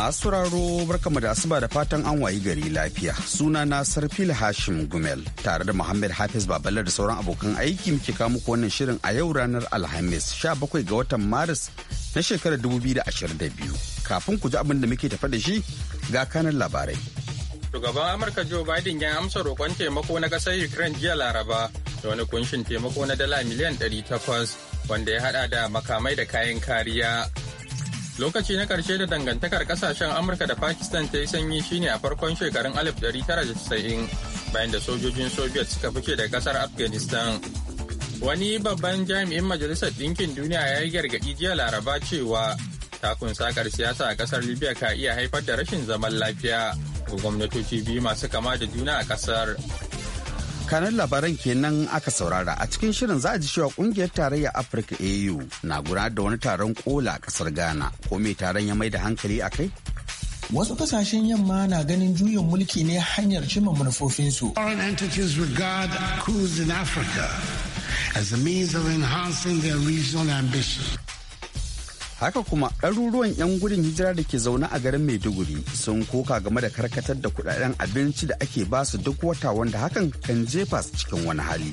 Masu raro barkamu da asuba da fatan an wayi gari lafiya. Suna na Sarfil Hashim Gumel tare da Muhammad Hafiz Babalar da sauran abokan aiki muke kawo muku wannan shirin a yau ranar Alhamis 17 ga watan Maris na shekarar 2022. Kafin ku ji abin da muke tafa da shi ga kanan labarai. Shugaban Amurka Joe Biden ya amsa roƙon taimako na ƙasar Ukraine jiya Laraba da wani kunshin taimako na dala miliyan 800 wanda ya hada da makamai da kayan kariya. Lokaci na ƙarshe da dangantakar ƙasashen Amurka da Pakistan ta yi sanyi shine a farkon shekarun 1990 bayan da sojojin Soviet suka fice da ƙasar Afghanistan. Wani babban jami'in Majalisar Ɗinkin Duniya ya yi gargaɗi jiya Laraba cewa takun sakar siyasa a ƙasar Libya ka iya haifar da rashin zaman lafiya ga gwamnatoci biyu masu kama da juna a ƙasar. kanan labaran kenan aka saurara a cikin shirin za a ji cewa kungiyar tarayya afirka au na gudanar da wani taron kola a kasar ghana ko mai taron ya mai da hankali a kai Wasu kasashen yamma na ganin juyin mulki ne hanyar cimma manufofinsu. Foreign entities regard coups in Africa as a means of enhancing their regional ambition. haka kuma ɗaruruwan 'yan gudun hijira da ke zaune a garin maiduguri sun koka game da karkatar da kudaden abinci da ake basu duk wata wanda hakan kan jefa su cikin wani hali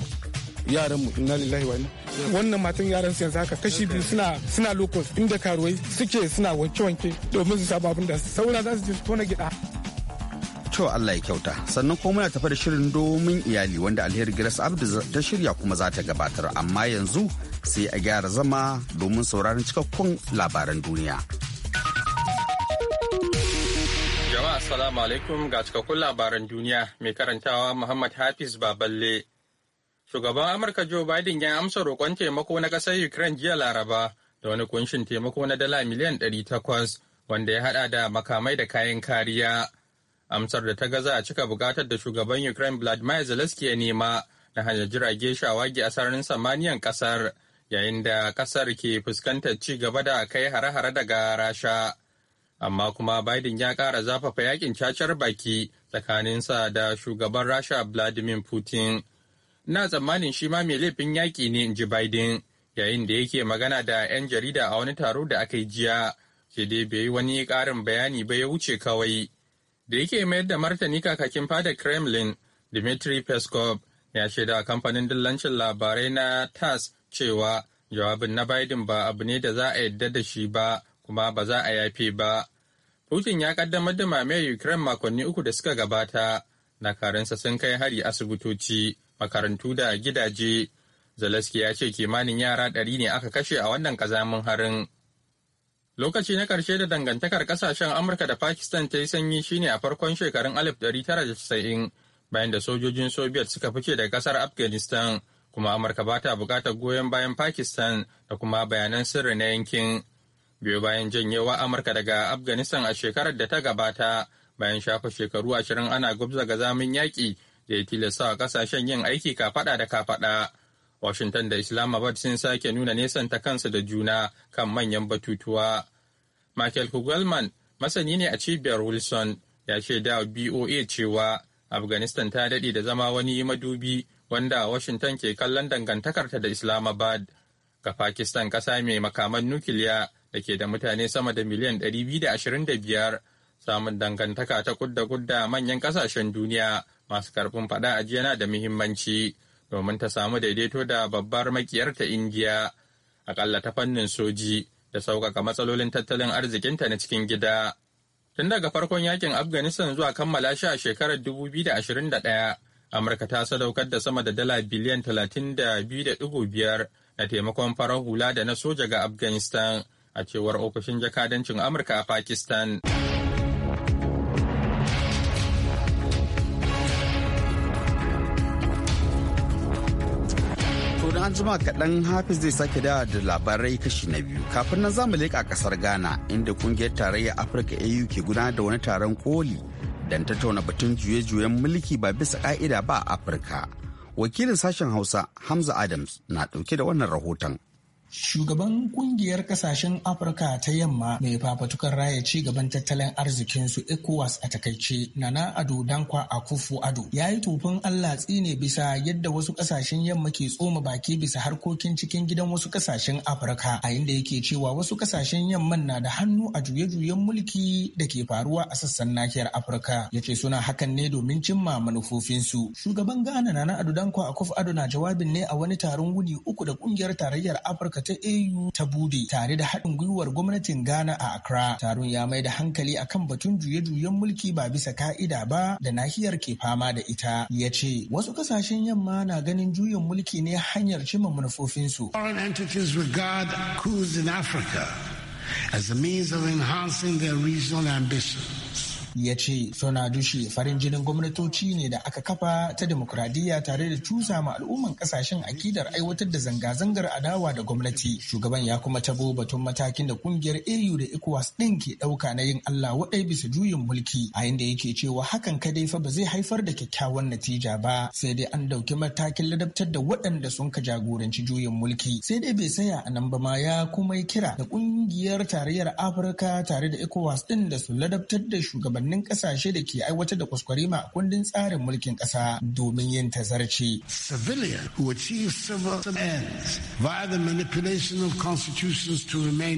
yaran mu inna lillahi wa inna wannan matan yaran su yanzu haka kashi biyu suna suna locus inda karuwai suke suna wanke wanke domin su samu abin da saura za su je su tona gida to Allah ya kyauta sannan kuma muna tafi da shirin domin iyali wanda alheri Grace Abdu ta shirya kuma za ta gabatar amma yanzu sai a gyara zama domin sauraron cikakkun labaran duniya. Jama'a Assalamu alaikum ga cikakkun labaran duniya mai karantawa Muhammad Hafiz Baballe. Shugaban Amurka Joe Biden ya amsa roƙon taimako na ƙasar Ukraine jiya Laraba da wani kunshin taimako na dala miliyan 800 wanda ya haɗa da makamai da kayan kariya. Amsar da ta gaza a cika bukatar da shugaban Ukraine Vladimir Zelensky ya nema na hanyar jirage shawagi a sararin samaniyan ƙasar. yayin da kasar ke fuskantar ci gaba da kai hare-hare daga rasha amma kuma biden ya kara zafafa yakin cacar baki tsakaninsa da shugaban rasha vladimir putin na tsammanin shi ma mai laifin yaƙi ne in ji biden yayin da yake magana da 'yan jarida a wani taro da aka yi jiya sai dai bai yi wani ƙarin bayani ba ya wuce kawai da yake mayar da martani kakakin fada kremlin dmitry peskov ya shaida kamfanin dillancin labarai na tas cewa jawabin na Biden ba abu ne da za a yadda da shi ba kuma ba za a yafe ba. Putin ya kaddamar da mamayar Ukraine makonni uku da suka gabata, nakaransa sun kai hari asibitoci, makarantu da gidaje. Zelensky ya ce kimanin yara ɗari ne aka kashe a wannan kazamin harin. Lokaci na ƙarshe da dangantakar ƙasashen Amurka da Pakistan ta yi sanyi shine a farkon shekarun 1990 bayan da sojojin Soviet suka fice daga ƙasar Afghanistan. kuma amurka ba ta bukatar goyon bayan pakistan da kuma bayanan sirri na yankin biyu bayan janyewa amurka daga afghanistan a shekarar da ta gabata bayan shafa shekaru ashirin ana gubza ga zamin yaƙi da ya tilasta wa kasashen yin aiki kafaɗa da kafaɗa washington da islamabad sun sake nuna ta kansu da juna kan manyan batutuwa michael kugelman masani ne a cibiyar wilson ya ce da boa cewa afghanistan ta daɗe da zama wani madubi wanda Washington ke kallon dangantakarta da Islamabad ga Pakistan ƙasa mai makaman nukiliya da ke da mutane sama da miliyan 225 samun dangantaka ta kudda kudda manyan ƙasashen duniya masu karfin faɗa a na da muhimmanci domin ta samu daidaito da babbar makiyarta Indiya akalla ta fannin soji da sauƙaƙa matsalolin tattalin arzikinta na cikin gida. Tun daga farkon yakin Afghanistan zuwa kammala shi a shekarar 2021 amurka ta sadaukar da sama da dala biliyan 32.5 na taimakon farar hula da na soja ga afghanistan a cewar ofishin jakadancin amurka a pakistan an jima kaɗan hafiz zai sake da da labarai kashi na biyu kafin nan zamu leƙa ƙasar ghana inda ƙungiyar tarayyar afirka au ke gudanar da wani taron koli don tattauna batun juye-juyen mulki ba bisa ka'ida ba a Afirka. Wakilin sashen Hausa Hamza Adams na dauke da wannan rahoton Shugaban kungiyar kasashen Afirka ta yamma mai fafatukar raya ci gaban tattalin arzikinsu ECOWAS a takaice Nana Ado Dankwa Akufo Ado ya yi tofin Allah tsine bisa yadda wasu kasashen yamma ke tsoma baki bisa harkokin cikin gidan wasu kasashen Afirka a inda yake cewa wasu kasashen yamman na da hannu a juye-juyen mulki da ke faruwa a sassan nahiyar Afirka ya ce suna hakan ne domin cimma manufofinsu. Shugaban Ghana Nana Ado Dankwa Akufo Ado na jawabin ne a wani taron wuni uku da kungiyar tarayyar Afirka ta AU ta bude tare da haɗin gwiwar gwamnatin Ghana a Accra. Taron ya mai da hankali akan batun juye-juyen mulki ba bisa ka'ida ba da nahiyar ke fama da ita. Ya ce wasu ƙasashen yamma na ganin juyin mulki ne hanyar cimma manufofinsu. Foreign entities regard coups in Africa as a means of enhancing their regional ambitions. ya ce suna dushe farin jinin gwamnatoci ne da aka kafa ta demokuradiyya tare da cusa ma al'umman kasashen akidar aiwatar da zanga-zangar adawa da gwamnati shugaban ya kuma tabo batun matakin da kungiyar au da ecowas din ke dauka na yin allah waɗai bisa juyin mulki a inda yake cewa hakan kadai fa ba zai haifar da kyakkyawan natija ba sai dai an dauki matakin ladabtar da waɗanda sun ka jagoranci juyin mulki sai dai bai saya a nan ba ma ya kuma kira da kungiyar tarayyar afirka tare da ecowas din da su ladabtar da shugabannin shugabannin kasashe da ke aiwatar da kuskurema a kundin tsarin mulkin kasa domin yin tazarci. Civilian who achieve civil via the manipulation of constitutions to remain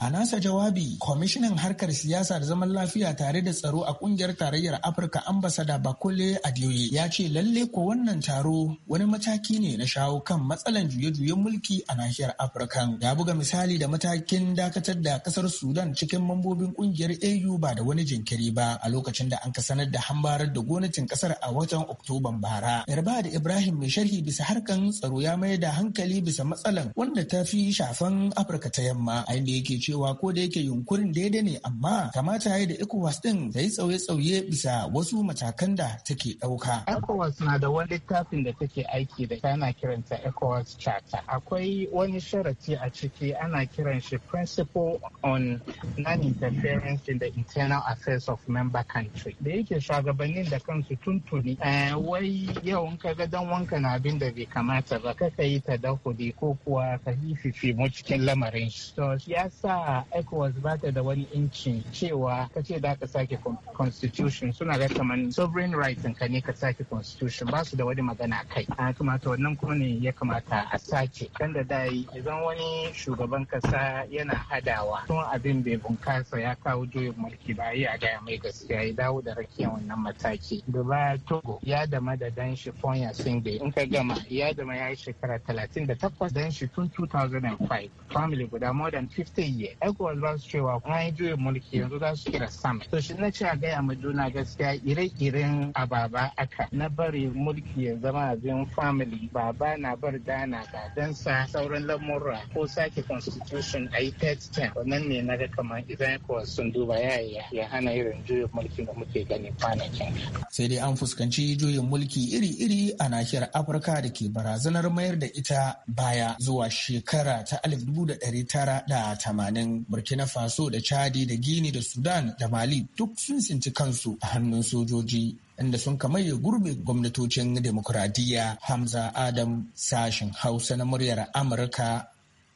A nasa jawabi, kwamishinan harkar siyasa da zaman lafiya tare da tsaro a kungiyar tarayyar Afirka ambasada Bakole Adeoye ya ce lalle ko wannan taro wani mataki ne na shawo kan matsalan juye-juyen mulki a nahiyar Afirka. Ya buga misali da matakin dakatar da kasar Sudan cikin mambobin kungiyar AU ba da wani jinkiri ba a lokacin da an ka sanar da hambarar da gwamnatin kasar a watan Oktoban bara. Yarba da Ibrahim mai sharhi bisa harkan tsaro ya mai da hankali bisa matsalan wanda ta fi shafan Afirka ta yamma a inda yake cewa ko da yake yunkurin daidai ne amma kamata ya yi da ECOWAS din ta yi tsauye-tsauye bisa wasu matakan da take ɗauka. ECOWAS na da wani littafin da take aiki da ana kiranta ECOWAS Charter. Akwai wani sharati a ciki ana kiran shi Principle on Non-Interference in the Internal Affairs success of member country da yake shugabannin da kansu tuntuni eh, wai yau in ka ga dan wanka na abin da bai kamata ba ka yi ta dakudi ko kuwa ka hififi mu cikin lamarin shi to ya sa ecowas ba ta da wani inci cewa ka ce da ka sake constitution suna ga kamar sovereign rights ka ne ka sake constitution ba su da wani magana kai ah, a kamata wannan kuma ne ya kamata a sake kan da dai idan wani shugaban kasa yana hadawa tun abin bai bunkasa ya kawo juyin mulki ba ya Gaya mai gaskiya ya dawo da rakiyar wannan mataki. Duba Togo ya dama da dan shi Fonya Singbe in ka gama ya dama ya yi shekara 38 dan shi tun 2005 family guda more than 50 years. ECOWAS ba su cewa kuma yi juya mulki yanzu za su kira sam. To shi na ce a gaya ma juna gaskiya ire-iren ababa aka na bari mulki ya zama abin family baba na bar dana ga dan sa sauran lamura. ko sake constitution a yi third wannan ne na ga kamar idan kowa sun duba ya yi ya juyin mulki da muke gani kwanakin. Sai dai an fuskanci juyin mulki iri-iri a nahiyar Afirka da ke barazanar mayar da ita baya zuwa shekara ta alif da tamanin, Burkina Faso da Chadi da Gini da Sudan da Mali duk sun sinci kansu a hannun sojoji. inda sun ya gurbe gwamnatocin demokuradiyya Hamza Adam sashen Hausa na muryar Amurka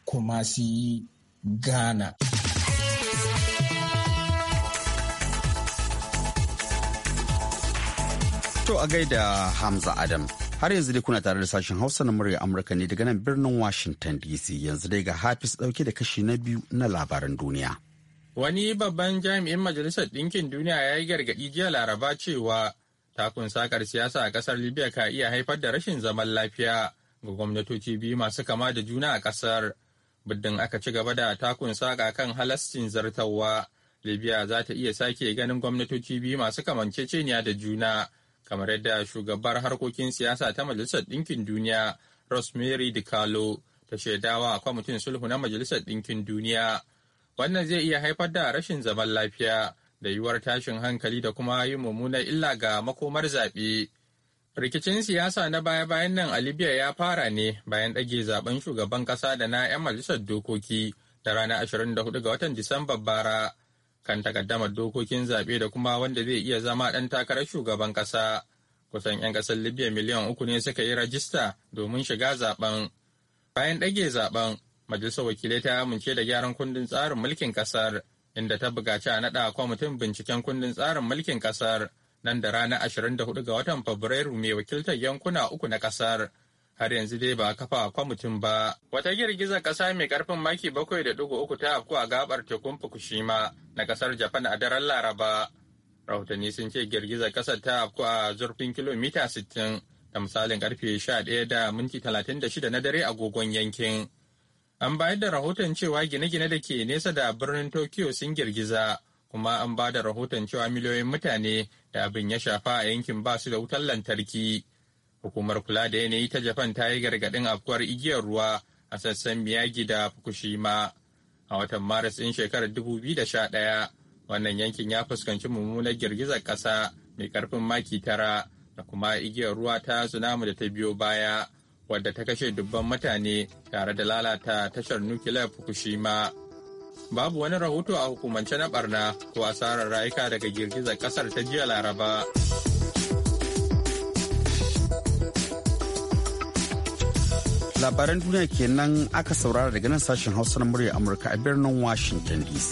kuma su yi Ghana. To a gaida Hamza Adam. Har yanzu dai kuna tare da sashen Hausa na murya Amurka ne daga nan birnin Washington DC yanzu dai ga Hafiz dauke da kashi na biyu na labaran duniya. Wani babban jami'in Majalisar Ɗinkin Duniya ya yi gargaɗi jiya Laraba cewa takun sakar siyasa a kasar Libya ka iya haifar da rashin zaman lafiya ga gwamnatoci biyu masu kama da juna a ƙasar. Biddin aka ci gaba da takun saka kan halascin zartawa. Libya za ta iya sake ganin gwamnatoci biyu masu kamanceceniya da juna kamar yadda shugabar harkokin siyasa ta Majalisar Ɗinkin Duniya Rosemary DiCarlo ta shaidawa a kwamitin sulhu na Majalisar Ɗinkin Duniya. Wannan zai iya haifar da rashin zaman lafiya da yiwuwar tashin hankali da kuma yi mummunar illa ga makomar zaɓe. Rikicin siyasa na baya-bayan nan a Libya ya fara ne bayan ɗage zaben shugaban ƙasa da na 'yan majalisar dokoki da ranar 24 ga watan Disamba bara. kan takaddamar dokokin zaɓe da kuma wanda zai iya zama ɗan takarar shugaban ƙasa. Kusan 'yan ƙasar Libya miliyan uku ne suka yi rajista domin shiga zaɓen. Bayan ɗage zaɓen, Majalisar Wakilai ta amince da gyaran kundin tsarin mulkin ƙasar, inda ta buƙaci a naɗa kwamitin binciken kundin tsarin mulkin ƙasar nan da ranar 24 ga watan Fabrairu mai wakiltar yankuna uku na ƙasar har yanzu dai ba a kafa kwamitin ba. Wata girgizar ƙasa mai ƙarfin maki bakwai da dugu uku ta afku a gabar tekun Fukushima na ƙasar Japan a daren Laraba. Rahotanni sun ce girgizar ƙasar ta afku a zurfin kilomita sittin da misalin ƙarfe sha ɗaya da minti talatin da shida na dare agogon yankin. An bayar da rahoton cewa gine-gine da ke nesa da birnin Tokyo sun girgiza, kuma an ba da rahoton cewa miliyoyin mutane da abin ya shafa a yankin ba su da wutar lantarki. Hukumar kula da yanayi ta Japan ta yi gargaɗin afkuwar igiyar ruwa a sassan Miyagi da Fukushima. A watan Maris ɗin shekarar 2011, wannan yankin ya fuskanci mummunar girgizar ƙasa mai ƙarfin maki tara da kuma igiyar ruwa ta tsunami da ta biyo baya, wadda ta kashe dubban mutane tare da lalata tashar nukiliyar Fukushima. Babu wani rahoto a hukumance na barna ko asarar rayuka daga girgizar ƙasar ta jiya Laraba. labaran duniya kenan aka saurara daga nan sashen hausa na murya amurka a birnin washington dc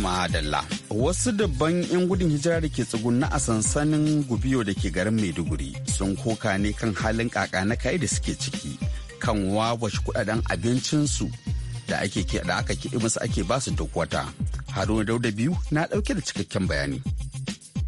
madalla wasu dabban 'yan gudun hijira da ke tsugunna a sansanin gubiyo da ke garin maiduguri sun koka ne kan halin kaka na kai da suke ciki kan wawashe kudaden abincinsu da ake aka kiɗi musu ake basu duk wata Haruna Dauda biyu na ɗauke da cikakken bayani.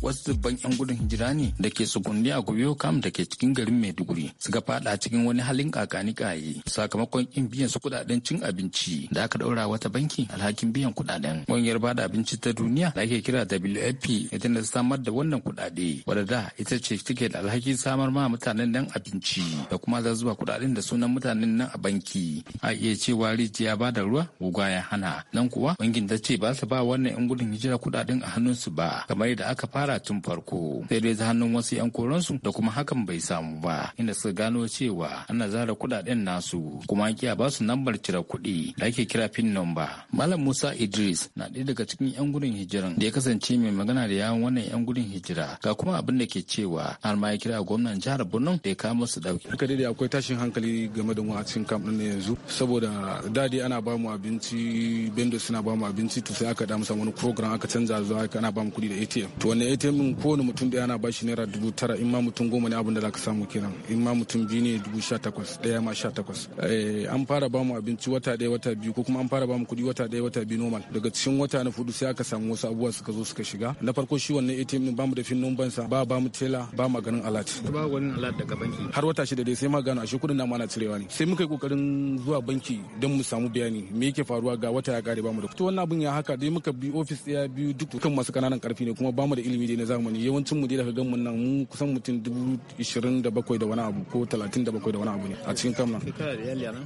wasu dubban 'yan gudun hijira ne da ke tsugunni a Gubiyo Kam da ke cikin garin Maiduguri suka fada cikin wani halin kakani kaye sakamakon kin biyan su kudaden cin abinci da aka daura wata banki alhakin biyan kudaden. Ƙungiyar bada abinci ta duniya da ake kira WFP ita ne samar da wannan kudade wadda ita ce take da alhakin samar ma mutanen nan abinci da kuma za zuba kudaden da sunan mutanen nan a banki. A iya cewa rijiya ba da ruwa guga ya hana. Nan kuwa bankin ta ce ba su ba wannan 'yan gudun hijira kudaden a hannunsu ba kamar da aka fara shekara tun farko sai dai ta hannun wasu 'yan koransu da kuma hakan bai samu ba inda suka gano cewa ana zara kudaden nasu kuma an kiya basu lambar cire kuɗi da ake kira pin number malam musa idris na ɗaya daga cikin 'yan gudun hijiran da ya kasance mai magana da yawon wannan 'yan gudun hijira ga kuma abin da ke cewa har ma ya kira gwamnan jihar borno da ya kawo musu ɗauki. haka dai akwai tashin hankali game da mu a cikin kamp na yanzu saboda dadi ana ba mu abinci bendo suna ba mu abinci to sai aka da musa wani program aka canza zuwa ana ba mu kuɗi da atm to wannan entertainment kowane mutum da yana bashi naira dubu tara in ma mutum goma ne abin da zaka samu kenan in ma mutum biyu ne dubu sha takwas ɗaya ma sha takwas eh, an fara ba mu abinci wata ɗaya wata biyu ko kuma an fara ba mu kuɗi wata ɗaya wata biyu normal daga cikin wata na fudu sai aka samu wasu abubuwa suka zo suka shiga na farko shi wannan ATM din ba mu da fin sa ba ba mu tela ba ma ganin alat ba ganin alat daga banki har wata shida dai sai ma gano ashe kuɗin na ma na cirewa ne sai muka yi kokarin zuwa banki don mu samu bayani me yake faruwa ga wata ya kare ba mu da to wannan abin ya haka dai muka bi office ɗaya biyu duk kan masu kananan karfi ne kuma ba mu da ilimi gidaje na zamani yawancin mu da ga mun nan mu kusan mutum dubu ishirin da bakwai da wani abu ko talatin da bakwai da wani abu ne a cikin kamna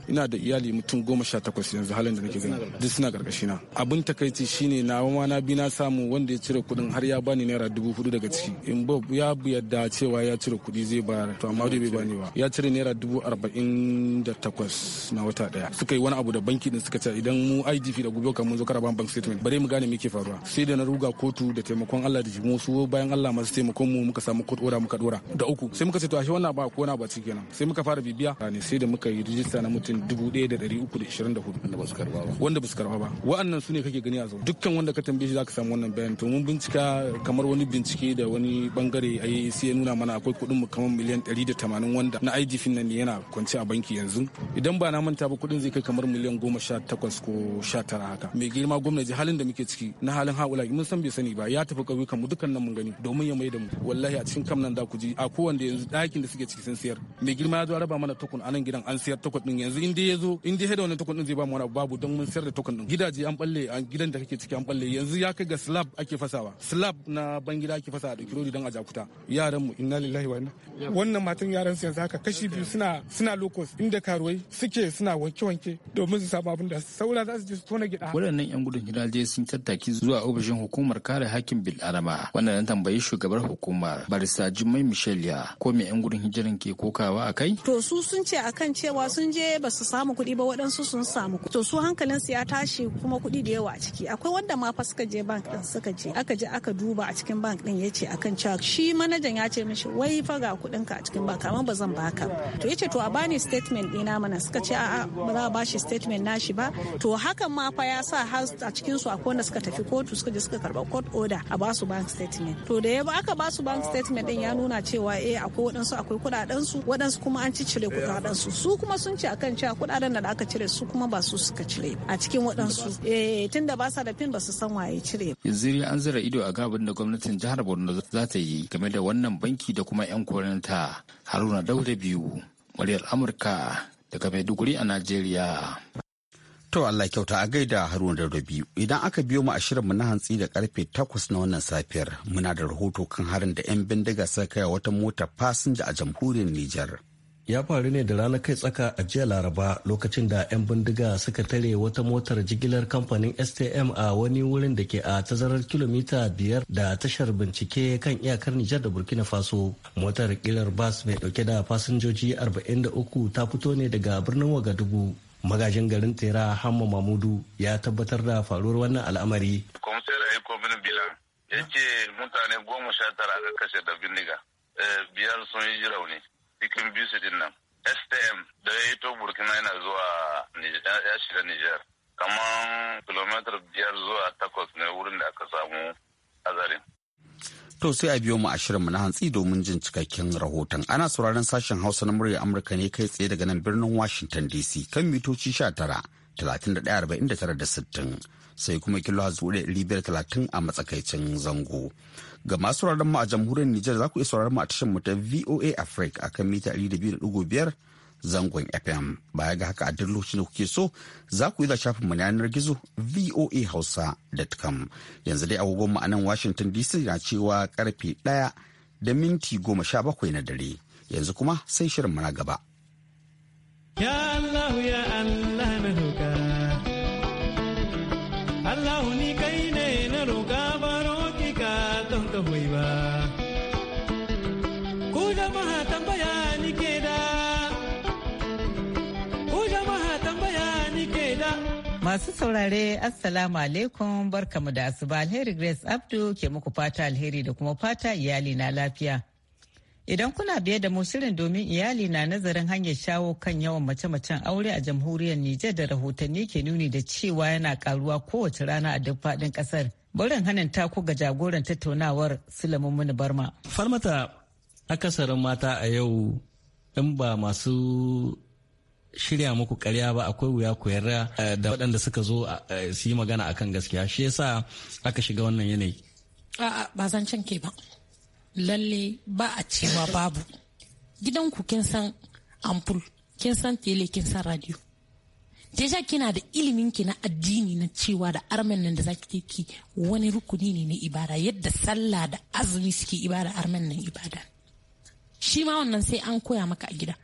ina da iyali mutum goma sha takwas yanzu halin da nake gani duk suna karkashi na abin takaici shine na ma na bi na samu wanda ya cire kuɗin har ya bani naira dubu hudu daga ciki in bob ya yadda cewa ya cire kuɗi zai bayar to amma dai bai bani ba ya cire naira dubu arba'in da takwas na wata daya suka yi wani abu da banki din suka ce idan mu idp da gobe kan mun zo karaban bank statement bare mu gane me ke faruwa sai da na ruga kotu da taimakon allah da jimu su bayan Allah masu taimakon mu muka samu kod oda muka dora da uku sai muka ce to ashe wannan ba ko na ba ci kenan sai muka fara bibiya ne sai da muka yi rijista na mutum 1324 wanda ba su karba ba wanda ba su karba ba wa'annan su ne kake gani a zo dukkan wanda ka tambaye shi zaka samu wannan bayan to mun bincika kamar wani bincike da wani bangare ai sai ya nuna mana akwai kuɗin mu kamar miliyan 180 wanda na IDF nan yana kwance a banki yanzu idan ba na manta ba kuɗin zai kai kamar miliyan 18 ko 19 haka mai girma gwamnati halin da muke ciki na halin haula mun san bai sani ba ya tafi ƙauyukan mu dukkan nan mun gani domin ya mai da mu wallahi a cikin kam nan da ku ji a kowanne yanzu ɗakin da suke ciki sun siyar mai girma ya zo raba mana tokun a nan gidan an siyar takun din yanzu in dai ya zo in dai da wannan takun din zai ba mu wani babu don mun siyar da takun din gidaje an balle a gidan da kake ciki an balle yanzu ya kai ga slab ake fasawa slab na bangida ake fasawa. da dauki don a jakuta yaran mu inna lillahi wa inna wannan matan yaran su yanzu haka kashi biyu suna suna locus inda karuwai suke suna wanke-wanke domin su samu abin da saura za su je su tona gida waɗannan yan gudun gidaje sun tattaki zuwa ofishin hukumar kare hakkin bil'adama wannan na tambayi shugabar hukumar barista Jummai Michelia ko me yan gudun hijirin ke kokawa a kai? To su sun ce akan cewa sun je ba su samu kuɗi ba waɗansu sun samu kuɗi. To su hankalin su ya tashi kuma kuɗi da yawa a ciki. Akwai wanda ma fa suka je bank ɗin suka je aka je aka duba a cikin bank din ya ce akan cewa shi manajan ya ce mishi wai fa ga kuɗin ka a cikin bank amma ba zan baka. To ya ce to a bani statement ɗina mana suka ce a'a ba za a bashi statement nashi ba. To hakan ma fa ya sa har a cikin su akwai wanda suka tafi kotu suka je suka karɓa court order a ba su bank statement. statement to da ya aka ba su bank ah, statement din ya nuna cewa eh akwai waɗansu akwai kudaden su waɗansu kuma an ci cire eh, kuɗaɗen su su kuma sun ce akan cewa kuɗaɗen da aka cire su kuma ba su suka cire a cikin waɗansu eh tunda ba sa da pin ba su san waye cire yanzu an zira ido a gaban da gwamnatin jihar Borno za ta yi game da wannan banki da kuma yan koranta Haruna Dauda biyu muryar Amurka daga Maiduguri a Najeriya To Allah kyauta a gaida Haruna da Rabi Idan aka biyo mu a shirinmu na hantsi da karfe takwas na wannan safiyar muna da rahoto kan harin da 'yan bindiga suka kai wata mota fasinja a jamhuriyar Nijar. Ya faru ne da ranar kai tsaka a jiya Laraba lokacin da 'yan bindiga suka tare wata motar jigilar kamfanin STM a wani wurin da ke a tazarar kilomita biyar da tashar bincike kan iyakar Nijar da Burkina Faso. Motar kilar bas mai dauke da fasinjoji 43 ta fito ne daga birnin Wagadugu. magajin garin tera hamma mamudu ya tabbatar da faruwar wannan al'amari komisar aiko mini bilan ya ce mutane goma sha tara aka kashe da bindiga eh, biyar sun yi rauni cikin bisu din nan stm da ya yi to burkina yana zuwa ya shiga niger kamar kilomitar biyar zuwa takwas ne wurin da aka samu azarin. To sai a biyo mu a shirinmu na hantsi domin jin cikakken rahoton. Ana sauraron sashen Hausa na murya Amurka ne kai tsaye daga nan birnin Washington DC kan mitoci 19, 31, da sittin sai kuma kilo a zuwa talatin a matsakaicin zango. Ga masu sauraron mu a jamhuriyar Nijar za ku iya sauraron mu a tashar mu ta VOA Africa akan mita biyar zangon FM. Baya ga haka a duk lokacin da kuke so za ku yi za shafinmu na yanar gizo voahausa.com. Yanzu dai agogon mu a nan Washington DC na cewa karfe ɗaya da minti goma sha bakwai na dare. Yanzu kuma sai shirin muna gaba. Ya ya Allah na doka. Allah ni ka Masu saurare Assalamu alaikum barkamu da asuba alheri Grace Abdu ke muku fata alheri da kuma fata iyali na lafiya. Idan kuna biye da mu shirin domin iyali na nazarin hanyar shawo kan yawan mace-macen aure a jamhuriyar Nijar da rahotanni ke nuni da cewa yana karuwa kowace rana a duk faɗin ƙasar. Barin hanin taku ga jagoran tattaunawar Sulaiman Barma. Farmata akasarin mata a yau in ba masu shirya muku karya ba akwai wuya ku yarda eh, da waɗanda suka zo eh, su yi magana akan gaskiya shi yasa aka shiga wannan yanayi a'a ba zan can ke ba lalle ba a cewa babu gidan ku kin san ampul kin san tele kin san radio deja kina da ilimin ki na addini na cewa da armen nan da zaki ki wani rukuni ne na ibada yadda sallah da azumi suke ibada armen nan ibada shi ma wannan sai an koya maka a gida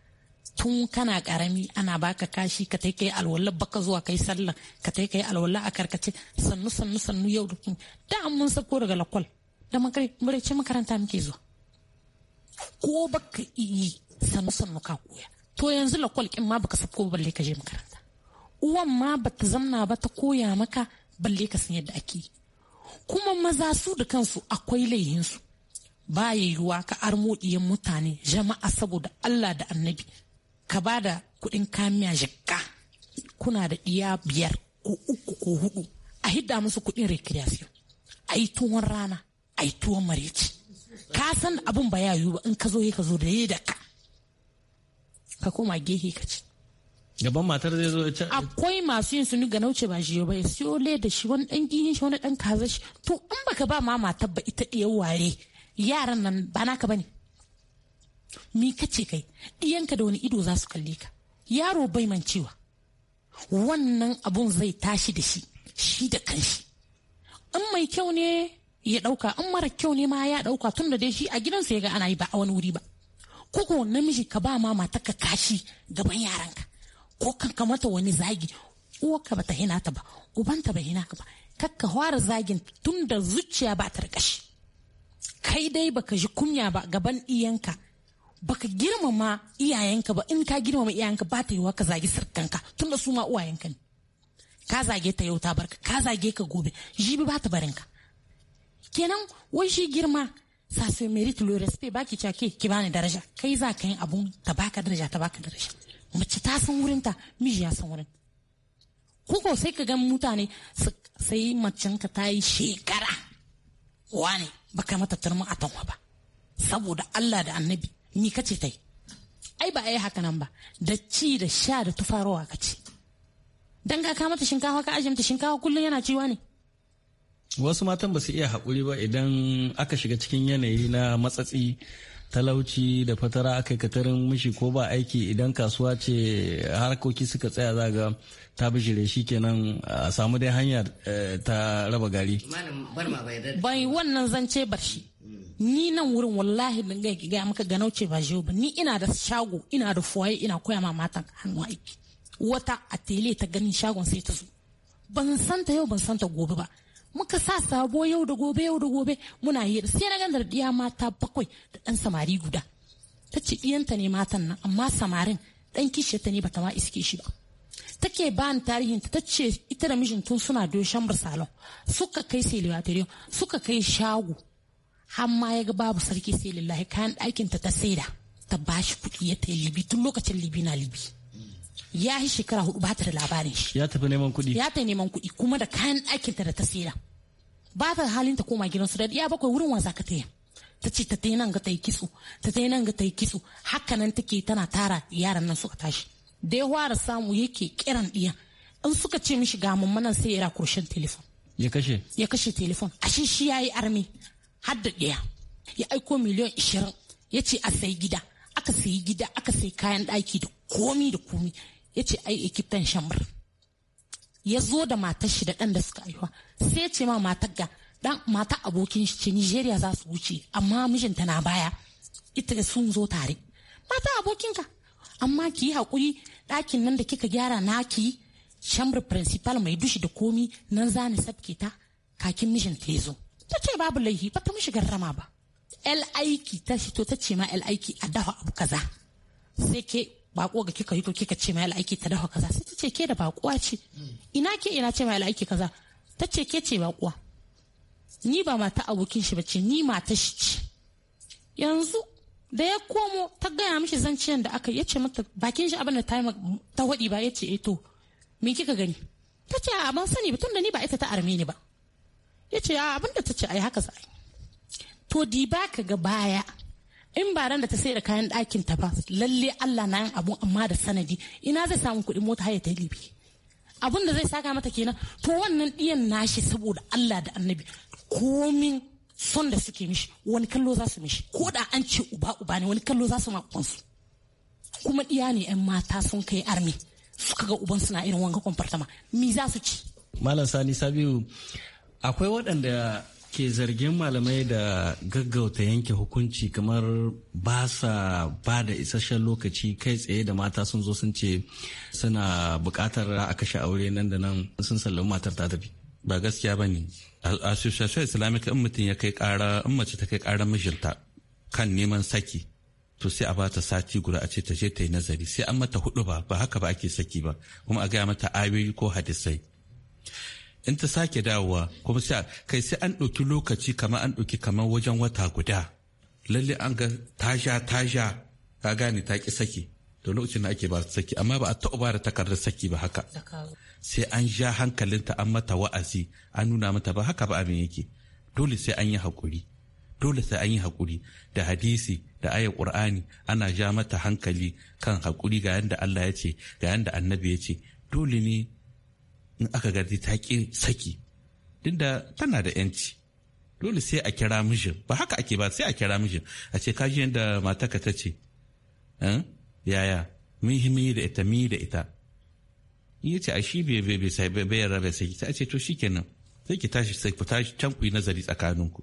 tun kana karami ana baka kashi ka kai alwala baka zuwa kai sallah ka tai kai alwala a karkace sannu sannu sannu yau da kun da mun sako daga lakwal da ce makaranta muke zuwa ko baka yi sannu sannu ka koya to yanzu lakwal kin ma baka sako balle ka je makaranta uwan ma bata zamna ba ta koya maka balle ka san yadda ake kuma maza su da kansu akwai laihinsu ba ya yiwuwa ka armo mutane jama'a saboda Allah da annabi ka ba da kuɗin kamiya jikka kuna da iya biyar ko uku ko hudu a hidda musu kuɗin recreation a yi tuwon rana a yi tuwon mareci ka san abin ba ya yiwu ba in ka zo ka zo da yi da ka ka koma gehe ka ci gaban matar zai zo can akwai masu yin sunu ga nauce ba shi ba ya siyo da shi wani dan gihin shi wani dan kaza shi to in baka ba ma matar ba ita iya ware yaran nan ba naka bane mi kace kai ɗiyanka da wani ido za su kalli ka yaro bai mancewa wannan abun zai tashi da shi shi da kanshi in mai kyau ne ya ɗauka in mara kyau ne ma ya ɗauka tun da dai shi a gidansa ya ga ana yi ba a wani wuri ba koko namiji ka ba ma matarka kashi gaban yaranka ko kan ka mata wani zagi uwarka bata hina ta ba ubanta bai hina ka ba kakka fara zagin tun da zuciya ba ta kashi kai dai baka ji kunya ba gaban iyanka baka girmama iyayenka ba in ka girmama iyayenka ba ta yiwa ka zagi sirkanka tun da su ma uwayenka ne ka zage ta yau ta barka ka zage ka gobe jibi ba ta barinka kenan wai shi girma sa sai merit lo respect baki cewa ke ki bani daraja kai za ka yin abun ta baka daraja ta baka daraja mace ta san wurin ta miji ya san wurin ko sai ka ga mutane sai ka ta yi shekara wane baka mata turmin atanwa ba saboda Allah da annabi ni kace tai ai ba ai haka nan ba da ci da sha da tufarowa kace dan ga ka mata shinkafa ka ajin mata shinkafa kullun yana ciwa ne wasu matan ba su iya hakuri ba idan aka shiga cikin yanayi na matsatsi talauci da fatara aka katarin mishi ko ba aiki idan kasuwa ce harkoki suka tsaya za ga ta bishire shi kenan a samu dai hanyar eh, ta raba gari. Bai wannan zance bar shi. ni nan wurin wallahi ban gaya ki gaya maka ganauce ba jiyo ba ni ina da shago ina da foye ina koya ma matan hannu aiki wata a tele ta ganin shagon sai ta zo ban santa yau ban santa gobe ba muka sa sabo yau da gobe yau da gobe muna yi sai na gandar diya mata bakwai da dan samari guda ta ce diyanta ne matan nan amma samarin dan ta ne bata ma iske shi ba take ba ni tarihin ta ce ita da mijin tun suna doshan shambar suka kai seliwatoriyo suka kai shago har ma ya ga babu sarki sai lillahi kayan ɗakin ta ta saida ta bashi kuɗi ya tayi libi tun lokacin libi na libi ya yi shekara hudu ba ta da labarin shi ya tafi neman kuɗi ya tafi neman kuɗi kuma da kayan ɗakin ta da ta saida ba ta halin ta koma gidansu da iya bakwai wurin wasa ka taya ta ce ta tayi nan ga tayi kitso ta tayi nan ga tayi kitso haka nan take tana tara yaran nan suka tashi da ya fara samu yake kiran ɗiya in suka ce mishi ga mummunan sai ya ra kurshen telefon ya kashe ya kashe telefon ashe shi ya yi armi har da ɗaya ya aiko miliyan ishirin ya ce a sayi gida aka sayi gida aka sayi kayan ɗaki da komi da komi ya ce ai ekiptan shamar ya zo da matar shi da ɗan da suka aiwa sai ya ce ma matar ga ɗan mata abokin shi ce Nigeria za su wuce amma mijinta na baya ita sun zo tare mata abokinka amma ki yi haƙuri ɗakin nan da kika gyara naki shamar principal mai dushi da komi nan za ni sabke ta kakin mijinta ya zo ta ce babu laifi ba ta mishi garrama ba el aiki ta fito ta ce ma el aiki a dafa abu kaza sai ke bako ga kika yi kika ce ma el aiki ta dafa kaza sai ta ce ke da bakuwa ce ina ke ina ce ma el aiki kaza ta ce ke ce bakuwa ni ba mata abokin shi bace ni mata shi ce yanzu da ya komo ta gaya mishi zancen da aka yace mata bakin shi abin da ta ta wadi ba yace ce eto eh me kika gani ta ce a ban sani ba tun da ni ba ita ta arme ni ba ya ce abin da ta ce ai haka za to di ba ka ga baya in ba ran da ta sayar da kayan ɗakin ta ba lalle Allah na yin abun amma da sanadi ina zai samu kuɗin mota haya ta libi abun da zai saka mata kenan to wannan ɗiyan nashi saboda Allah da annabi komin son da suke mishi wani kallo za su mishi ko da an ce uba uba ne wani kallo za su makonsu kuma ɗiya ne 'yan mata sun kai armi suka ga uban suna irin wanga ma mi za su ci malam sani sabiu akwai waɗanda ke zargin malamai da gaggauta yanke hukunci kamar ba sa ba da isasshen lokaci kai tsaye da mata sun zo sun ce suna buƙatar a kashe aure nan da nan sun sallami matar ta tafi ba gaskiya ba ne association islamic in mutum ya kai ƙara in mace ta kai ƙara mijinta kan neman saki to sai a bata sati guda a ce ta je ta yi nazari sai an mata hudu ba ba haka ba ake saki ba kuma a gaya mata ayoyi ko hadisai in ta sake dawowa kuma sai kai sai an ɗauki lokaci kamar an ɗauki kamar wajen wata guda lalle an ga tasha tasha ka gane ta ki saki to lokacin da ake ba saki amma ba a taɓa ba da takardar saki ba haka sai an ja hankalinta an mata wa'azi an nuna mata ba haka ba abin yake dole sai an yi haƙuri dole sai an yi haƙuri da hadisi da aya ƙur'ani ana ja mata hankali kan haƙuri ga yanda Allah ya ce ga yanda annabi ya ce dole ne in aka gardi ta ki saki din da tana da yanci dole sai a kira mijin ba haka ake ba sai a kira mijin a ce kaji yadda matarka ta ce eh, yaya mun da ita mun da ita in ce a shi bai bai bai bai sai ta ce to shikenan sai ki tashi sai ku tashi can ku yi nazari tsakaninku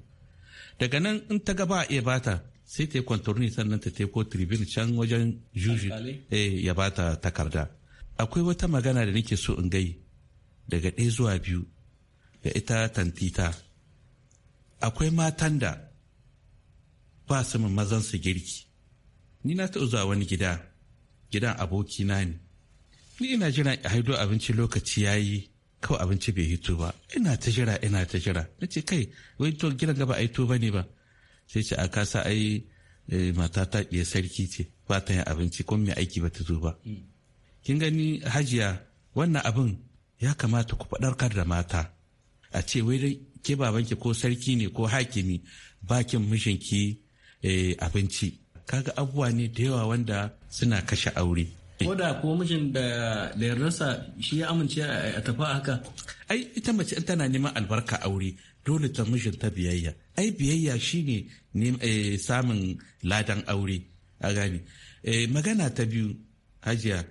daga nan in ta gaba iya bata sai ta yi kwantorni sannan ta ko tribune can wajen juji eh ya bata takarda akwai wata magana da nake so in gai daga ɗaya zuwa biyu da ita tantita akwai matan da ba su mazan su girki ni na taɓa zuwa wani gida gidan abokina ne ni ina jiran a haido abinci lokaci ya yi kawai abinci bai hito ba ina ta jira ina ta jira na ce kai wai to gidan gaba a hito ba ne ba sai ce a kasa ai eh, mata ta ɗaya sarki ce ba ta yin abinci kuma mai aiki ba ta zo ba mm. kin gani hajiya wannan abin ya kamata ku faɗarkar da mata a ce wai ke babanki ko sarki ne ko hakimi bakin mijinki eh, abinci kaga abubuwa ne da yawa wanda suna kashe aure ko da ko mijin da da yardarsa shi ya amince a tafi haka ai ita mace in tana neman albarka aure dole ta mijin ta biyayya ai biyayya shine ne eh, samun ladan aure a gani eh, magana ta biyu hajiya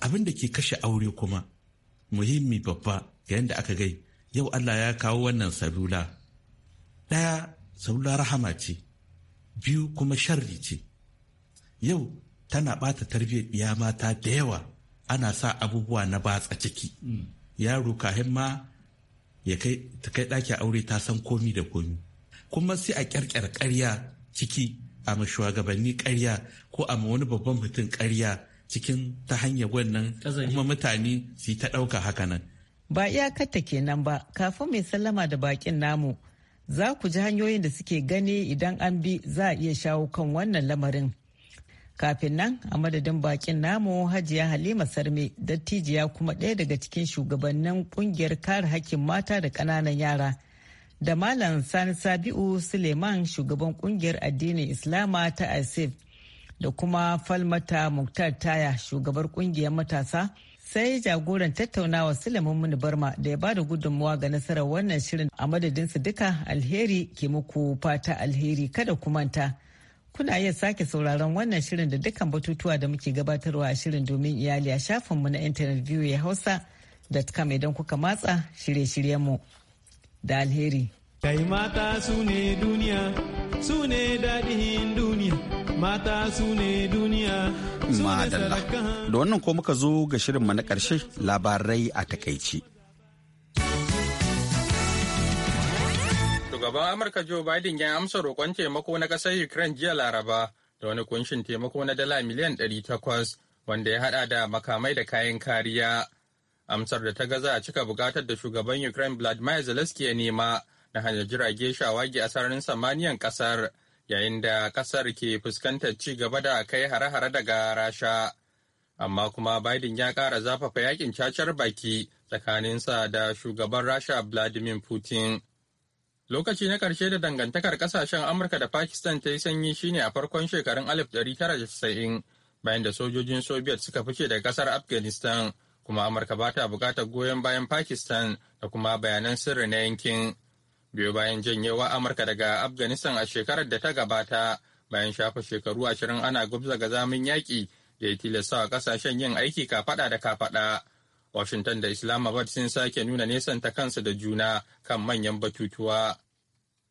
abin da ke kashe aure kuma muhimmi babba ga yadda aka gai yau Allah ya kawo wannan salula ɗaya salula rahama ce biyu kuma sharri ce yau tana ɓata tarbiyyar iya mata da yawa ana sa abubuwa na batsa ciki yaro kahin ma ya kai ta kai ɗaki aure ta san komi da komi kuma sai a ƙyarƙyar ƙarya ciki a shugabanni ƙarya ko a wani babban mutum ƙarya cikin ta hanyar wannan kuma mutane su ta ɗauka hakanan. Ba iyakarta kenan ba, kafin mai sallama da bakin namu, za ku ji hanyoyin da suke gani idan an bi za a iya shawo kan wannan lamarin. Kafin nan a madadin bakin namu Hajiya Halima Sarme dattijiya kuma ɗaya daga cikin shugabannin ƙungiyar kare hakkin mata da ƙananan yara. Da Malam Sani Sabi'u Suleiman shugaban ƙungiyar addinin Islama ta Asif. da kuma falmata muktar taya shugabar kungiyar matasa sai jagoran tattaunawa sulaiman Muni Barma da ya bada gudunmawa ga nasarar wannan shirin a madadinsu duka alheri ke muku fata alheri kada ku manta. Kuna iya sake sauraron wannan shirin da dukkan batutuwa da muke gabatarwa a shirin domin iyali a shafinmu na intanet ya hausa.com idan kuka matsa shirye-shiryenmu da alheri. Kai mata su ne duniya, su ne daɗin duniya, mata su ne duniya. su Madalla, da wannan ko muka zo ga shirinmu na ƙarshe labarai a takaici. Shugaban Amurka Joe Biden ya amsa roƙon taimako na ƙasar Ukraine jiya Laraba da wani kunshin taimako na dala miliyan 800 wanda ya haɗa da makamai da kayan kariya. Amsar da ta gaza a cika bukatar da shugaban Ukraine Vladimir Zelensky ya nema na hanyar jirage shawagi a sararin samaniyan kasar yayin da kasar ke fuskantar ci gaba da kai hare-hare daga rasha amma kuma biden ya kara zafafa yakin cacar baki tsakaninsa da shugaban rasha vladimir putin lokaci na karshe da dangantakar kasashen amurka da pakistan ta yi sanyi shine a farkon shekarun 1990 bayan da sojojin soviet suka fice daga kasar afghanistan kuma amurka ba ta bukatar goyon bayan pakistan da kuma bayanan sirri na yankin biyo bayan janyewa amurka daga afghanistan a shekarar da ta gabata bayan shafa shekaru ashirin ana gubza ga zamin yaƙi da ya tilasta wa ƙasashen yin aiki kafaɗa da kafaɗa washington da islamabad sun sake nuna nesan ta kansu da juna kan manyan batutuwa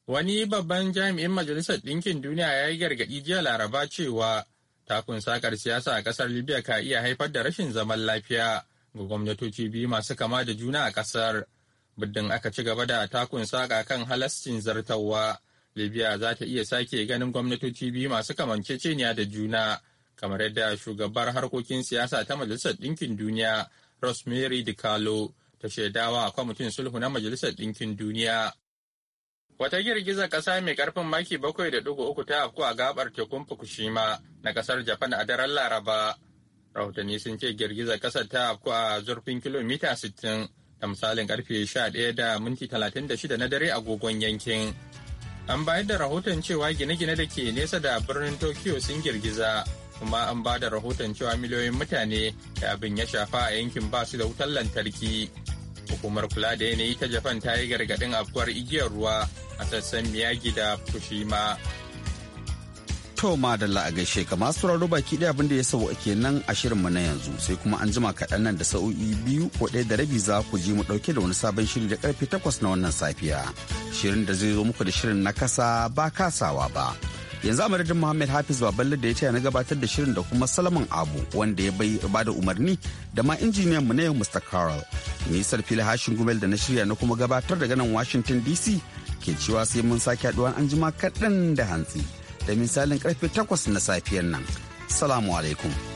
wani babban jami'in majalisar ɗinkin duniya ya yi gargaɗi jiya laraba cewa takun sakar siyasa a ƙasar libya ka iya haifar da rashin zaman lafiya ga gwamnatoci biyu masu kama da juna a ƙasar muddin aka ci gaba da takun saka kan halascin zartawa libya za ta iya sake ganin gwamnatoci biyu masu kamanceceniya da juna kamar yadda shugabar harkokin siyasa ta majalisar ɗinkin duniya rosemary dicalo ta shaidawa a kwamitin sulhu na majalisar ɗinkin duniya wata girgizar ƙasa mai ƙarfin maki bakwai da dugu uku ta afku a gabar tekun fukushima na ƙasar japan a daren laraba rahotanni sun ce girgizar ƙasar ta afku a zurfin kilomita sittin. da misalin karfe 11 da minti 36 na dare agogon yankin. An bayar da rahoton cewa gine-gine da ke nesa da birnin Tokyo sun girgiza, kuma an ba da rahoton cewa miliyoyin mutane da abin ya shafa a yankin ba su da wutar lantarki. Hukumar kula da yanayi ta Japan ta yi gargaɗin afkuwar igiyar ruwa a sassan Miyagi da Fukushima. To madalla a gaishe ka masu sauraro baki ɗaya abinda ya sauwa nan a shirinmu na yanzu sai kuma an jima kaɗan nan da sa'o'i biyu ko ɗaya da rabi za ku ji mu ɗauke da wani sabon shiri da karfe takwas na wannan safiya. Shirin da zai zo muku da shirin na kasa ba kasawa ba. yanzu a madadin Muhammad Hafiz Baballe da ya taya na gabatar da shirin da kuma Salman Abu wanda ya bai ba da umarni da ma injiniyan mu na yau Mr. Carl. Ni Sarfil Hashin Gumel da na shirya na kuma gabatar da ganin Washington DC ke cewa sai mun sake haɗuwa an jima kaɗan da hantsi. da misalin karfe 8 na safiyar nan. Salamu alaikum.